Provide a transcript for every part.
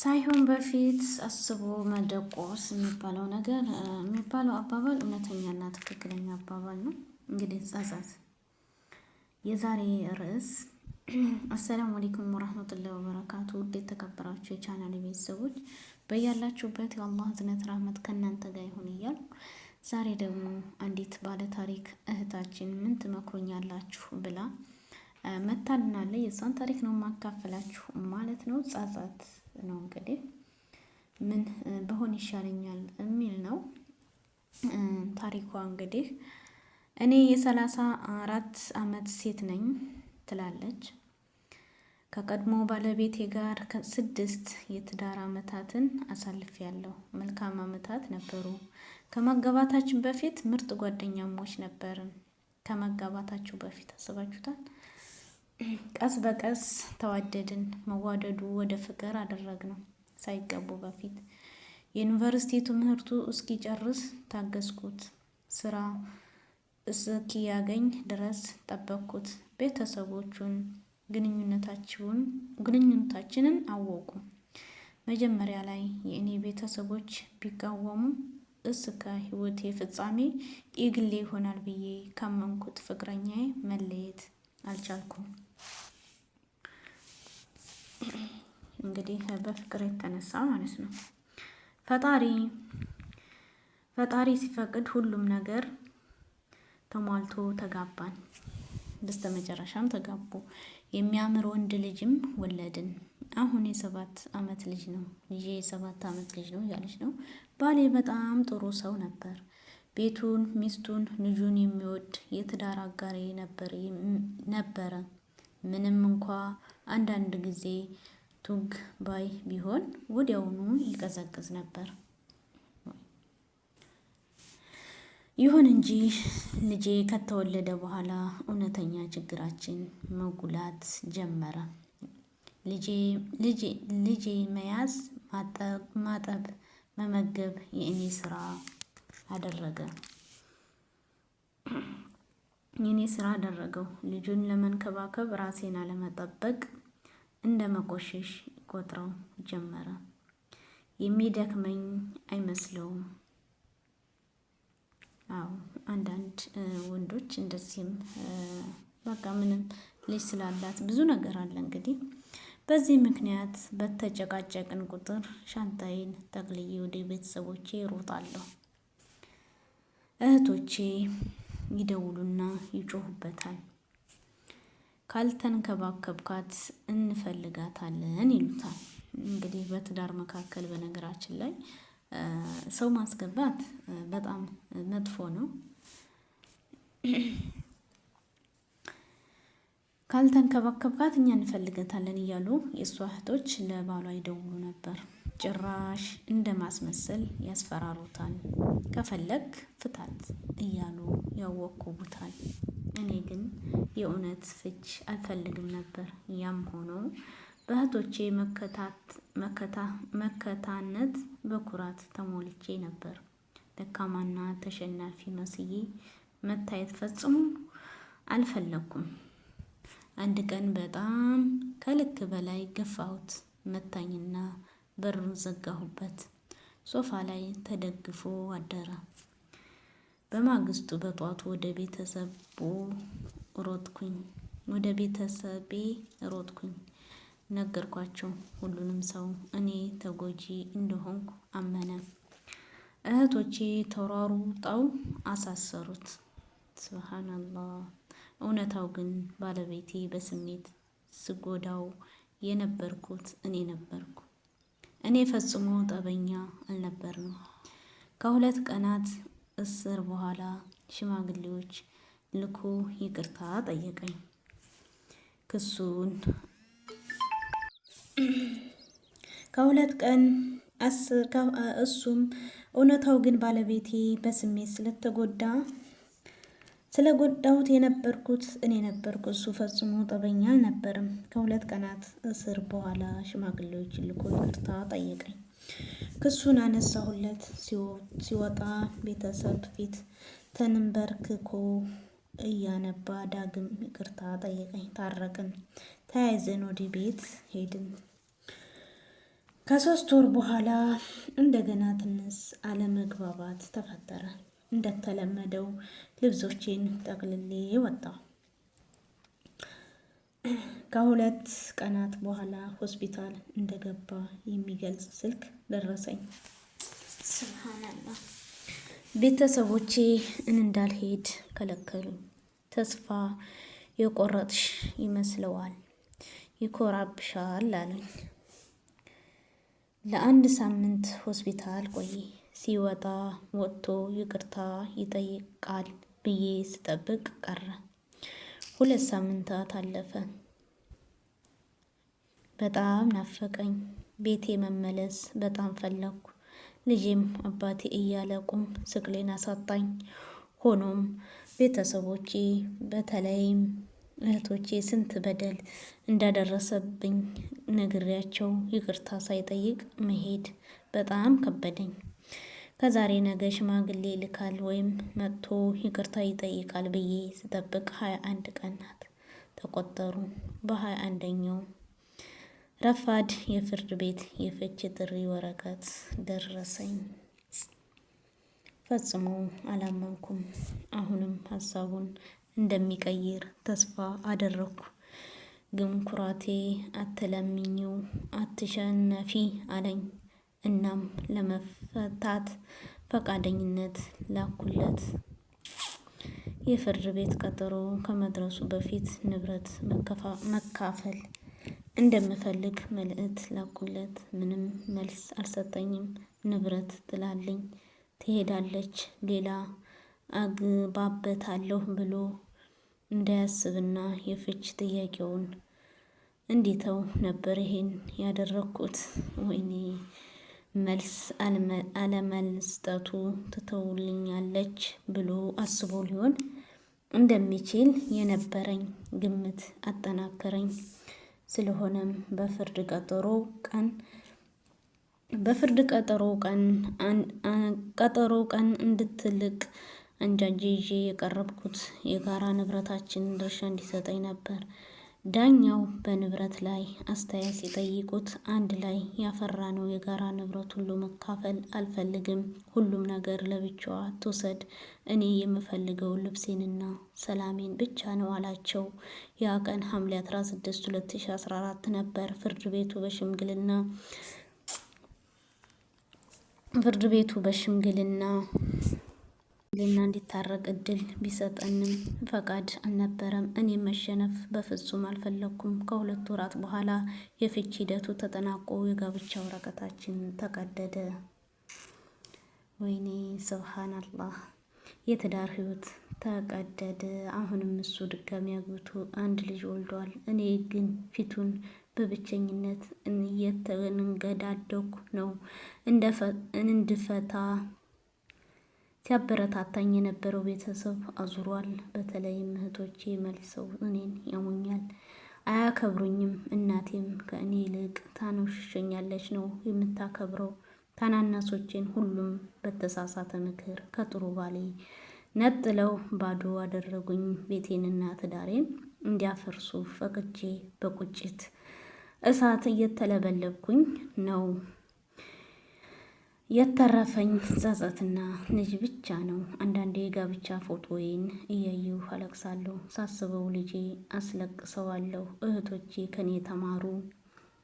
ሳይሆን በፊት አስቦ መደቆስ የሚባለው ነገር የሚባለው አባባል እውነተኛና ትክክለኛ አባባል ነው። እንግዲህ ጸጸት የዛሬ ርዕስ። አሰላሙ አለይኩም ወራህመቱላሂ ወበረካቱ። ውድ የተከበራችሁ የቻናል ቤተሰቦች በያላችሁበት የአላህ ዝነት ራህመት ከእናንተ ጋር ይሁን እያሉ ዛሬ ደግሞ አንዲት ባለ ታሪክ እህታችን ምን ትመክሩኛላችሁ ብላ መታልናለ። የዛን ታሪክ ነው የማካፈላችሁ ማለት ነው ጸጸት ነው እንግዲህ ምን በሆን ይሻለኛል የሚል ነው ታሪኳ። እንግዲህ እኔ የሰላሳ አራት አመት ሴት ነኝ ትላለች። ከቀድሞ ባለቤቴ ጋር ስድስት የትዳር አሳልፍ አሳልፊያለሁ። መልካም አመታት ነበሩ። ከመጋባታችን በፊት ምርጥ ጓደኛሞች ነበርን። ከመጋባታችሁ በፊት አስባችሁታል? ቀስ በቀስ ተዋደድን። መዋደዱ ወደ ፍቅር ነው ሳይገቡ በፊት። የዩኒቨርሲቲ ትምህርቱ እስኪጨርስ ታገዝኩት ስራ እስኪያገኝ ድረስ ጠበቅኩት። ቤተሰቦቹን ግንኙነታችንን አወቁ። መጀመሪያ ላይ የእኔ ቤተሰቦች ቢቃወሙ እስከ ሕይወቴ ፍጻሜ የግሌ ይሆናል ብዬ ካመንኩት ፍቅረኛዬ መለየት አልቻልኩም። እንግዲህ በፍቅር የተነሳ ማለት ነው። ፈጣሪ ፈጣሪ ሲፈቅድ ሁሉም ነገር ተሟልቶ ተጋባን። በስተ መጨረሻም ተጋቡ። የሚያምር ወንድ ልጅም ወለድን። አሁን የሰባት አመት ልጅ ነው ልጄ የሰባት አመት ልጅ ነው እያለች ነው። ባሌ በጣም ጥሩ ሰው ነበር። ቤቱን፣ ሚስቱን፣ ልጁን የሚወድ የትዳር አጋሬ ነበረ ምንም እንኳ አንዳንድ ጊዜ ቱግ ባይ ቢሆን ወዲያውኑ ይቀዘቅዝ ነበር። ይሁን እንጂ ልጄ ከተወለደ በኋላ እውነተኛ ችግራችን መጉላት ጀመረ። ልጄ መያዝ፣ ማጠብ፣ መመገብ የእኔ ስራ አደረገ የእኔ ስራ አደረገው። ልጁን ለመንከባከብ ራሴን አለመጠበቅ እንደ መቆሸሽ ይቆጥረው ጀመረ። የሚደክመኝ አይመስለውም። አዎ አንዳንድ ወንዶች እንደዚህም በቃ ምንም ልጅ ስላላት ብዙ ነገር አለ እንግዲህ። በዚህ ምክንያት በተጨቃጨቅን ቁጥር ሻንጣዬን ጠቅልዬ ወደ ቤተሰቦቼ ይሮጣለሁ። እህቶቼ ይደውሉና ይጮሁበታል። ካልተንከባከብካት እንፈልጋታለን ይሉታል። እንግዲህ በትዳር መካከል በነገራችን ላይ ሰው ማስገባት በጣም መጥፎ ነው። ካልተንከባከብካት እኛ እንፈልገታለን እያሉ የእሷ እህቶች ለባሏ ይደውሉ ነበር። ጭራሽ እንደ ማስመሰል ያስፈራሩታል። ከፈለግ ፍታት እያሉ ያወኩቡታል። እኔ ግን የእውነት ፍች አልፈልግም ነበር። ያም ሆኖ በእህቶቼ መከታነት በኩራት ተሞልቼ ነበር። ደካማና ተሸናፊ መስዬ መታየት ፈጽሞ አልፈለኩም። አንድ ቀን በጣም ከልክ በላይ ገፋሁት። መታኝና በሩን ዘጋሁበት። ሶፋ ላይ ተደግፎ አደረ። በማግስቱ በጧቱ ወደ ቤተሰቡ ሮጥኩኝ ወደ ቤተሰቤ ሮጥኩኝ። ነገርኳቸው ሁሉንም ሰው እኔ ተጎጂ እንደሆንኩ አመነ። እህቶቼ ተሯሩጠው አሳሰሩት። ስብሓንላህ። እውነታው ግን ባለቤቴ በስሜት ስጎዳው የነበርኩት እኔ ነበርኩ። እኔ ፈጽሞ ጠበኛ አልነበርም። ከሁለት ቀናት እስር በኋላ ሽማግሌዎች ልኮ ይቅርታ ጠየቀኝ። ክሱን ከሁለት ቀን እሱም እውነታው ግን ባለቤቴ በስሜት ስለተጎዳ ስለ ጎዳሁት የነበርኩት እኔ ነበርኩ። እሱ ፈጽሞ ጠበኛ አልነበርም። ከሁለት ቀናት እስር በኋላ ሽማግሌዎች ልኮ ይቅርታ ጠየቀኝ። ክሱን አነሳሁለት። ሲወጣ ቤተሰብ ፊት ተንበርክኮ እያነባ ዳግም ይቅርታ ጠየቀኝ። ታረቅን። ተያይዘን ወደ ቤት ሄድን። ከሶስት ወር በኋላ እንደገና ትንሽ አለመግባባት ተፈጠረ። እንደተለመደው ልብሶቼን ጠቅልሌ ወጣ ከሁለት ቀናት በኋላ ሆስፒታል እንደገባ የሚገልጽ ስልክ ደረሰኝ። ቤተሰቦቼ እን እንዳልሄድ ከለከሉኝ። ተስፋ የቆረጥሽ ይመስለዋል ይኮራብሻል አሉኝ። ለአንድ ሳምንት ሆስፒታል ቆይ ሲወጣ ወጥቶ ይቅርታ ይጠይቃል ብዬ ስጠብቅ ቀረ። ሁለት ሳምንታት አለፈ። በጣም ናፈቀኝ። ቤቴ መመለስ በጣም ፈለግኩ። ልጄም አባቴ እያለ ቁም ስቅሌን አሳጣኝ። ሆኖም ቤተሰቦቼ በተለይም እህቶቼ ስንት በደል እንዳደረሰብኝ ነግሬያቸው ይቅርታ ሳይጠይቅ መሄድ በጣም ከበደኝ። ከዛሬ ነገ ሽማግሌ ይልካል ወይም መጥቶ ይቅርታ ይጠይቃል ብዬ ስጠብቅ ሀያ አንድ ቀናት ተቆጠሩ። በሀያ አንደኛው ረፋድ የፍርድ ቤት የፍች ጥሪ ወረቀት ደረሰኝ። ፈጽሞ አላመንኩም። አሁንም ሀሳቡን እንደሚቀይር ተስፋ አደረግኩ። ግን ኩራቴ አትለምኚው አትሸነፊ አለኝ። እናም ለመፈታት ፈቃደኝነት ላኩለት። የፍርድ ቤት ቀጠሮ ከመድረሱ በፊት ንብረት መካፈል እንደምፈልግ መልእክት ላኩለት። ምንም መልስ አልሰጠኝም። ንብረት ጥላልኝ ትሄዳለች፣ ሌላ አግባበታለሁ ብሎ እንዳያስብና የፍች ጥያቄውን እንዲተው ነበር ይሄን ያደረግኩት። ወይኔ መልስ አለመስጠቱ ትተውልኛለች ብሎ አስቦ ሊሆን እንደሚችል የነበረኝ ግምት አጠናከረኝ። ስለሆነም በፍርድ ቀጠሮ ቀን በፍርድ ቀጠሮ ቀን ቀጠሮ ቀን እንድትልቅ አንጃጅ ይዤ የቀረብኩት የጋራ ንብረታችን ድርሻ እንዲሰጠኝ ነበር። ዳኛው በንብረት ላይ አስተያየት ሲጠይቁት አንድ ላይ ያፈራ ነው የጋራ ንብረት ሁሉ መካፈል አልፈልግም፣ ሁሉም ነገር ለብቻዋ ትውሰድ፣ እኔ የምፈልገው ልብሴንና ሰላሜን ብቻ ነው አላቸው። ያ ቀን ሐምሌ 16 2014 ነበር። ፍርድ ቤቱ በሽምግልና ፍርድ ቤቱ በሽምግልና ልና እንዲታረቅ እድል ቢሰጠንም ፈቃድ አልነበረም። እኔ መሸነፍ በፍጹም አልፈለግኩም። ከሁለት ወራት በኋላ የፍች ሂደቱ ተጠናቆ የጋብቻ ወረቀታችን ተቀደደ። ወይኔ ስብሃናላህ የትዳር ህይወት ተቀደደ። አሁንም እሱ ድጋሚ አግብቶ አንድ ልጅ ወልዷል። እኔ ግን ፊቱን በብቸኝነት እየተንገዳደኩ ነው እንድፈታ ሲያበረታታኝ የነበረው ቤተሰብ አዙሯል። በተለይም እህቶቼ መልሰው እኔን ያሞኛል፣ አያከብሩኝም። እናቴም ከእኔ ይልቅ ታኖሽሸኛለች ነው የምታከብረው። ታናናሶቼን ሁሉም በተሳሳተ ምክር ከጥሩ ባሌ ነጥለው ባዶ አደረጉኝ። ቤቴንና ትዳሬን እንዲያፈርሱ ፈቅጄ በቁጭት እሳት እየተለበለብኩኝ ነው። የተረፈኝ ጸጸትና ልጅ ብቻ ነው። አንዳንዴ የጋብቻ ፎቶዬን እያየሁ አለቅሳለሁ። ሳስበው ልጄ አስለቅሰዋለሁ። እህቶቼ ከኔ ተማሩ።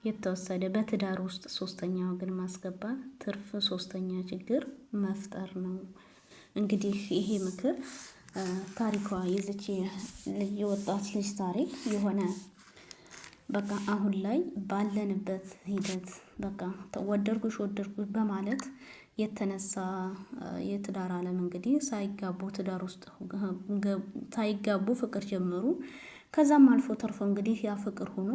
የተወሰደ በትዳር ውስጥ ሶስተኛ ወገን ማስገባት ትርፍ ሶስተኛ ችግር መፍጠር ነው። እንግዲህ ይሄ ምክር ታሪኳ የዚች ወጣት ልጅ ታሪክ የሆነ በቃ አሁን ላይ ባለንበት ሂደት በቃ ወደድኩሽ ወደድኩሽ በማለት የተነሳ የትዳር አለም እንግዲህ ሳይጋቡ ትዳር ውስጥ ሳይጋቡ ፍቅር ጀመሩ። ከዛም አልፎ ተርፎ እንግዲህ ያ ፍቅር ሆኖ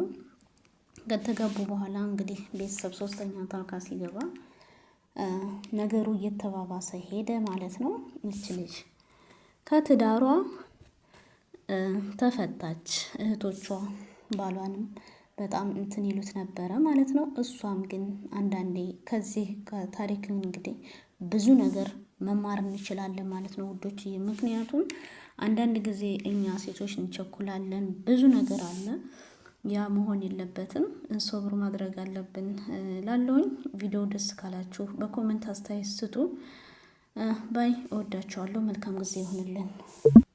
ከተጋቡ በኋላ እንግዲህ ቤተሰብ ሶስተኛ ታልካ ሲገባ ነገሩ እየተባባሰ ሄደ ማለት ነው። ይች ልጅ ከትዳሯ ተፈታች እህቶቿ ባሏንም በጣም እንትን ይሉት ነበረ ማለት ነው። እሷም ግን አንዳንዴ ከዚህ ታሪክ እንግዲህ ብዙ ነገር መማር እንችላለን ማለት ነው ውዶች። ምክንያቱም አንዳንድ ጊዜ እኛ ሴቶች እንቸኩላለን፣ ብዙ ነገር አለ። ያ መሆን የለበትም። እንሶብር ማድረግ አለብን። ላለውኝ ቪዲዮ ደስ ካላችሁ በኮመንት አስተያየት ስጡ። ባይ እወዳችኋለሁ። መልካም ጊዜ ይሆንልን።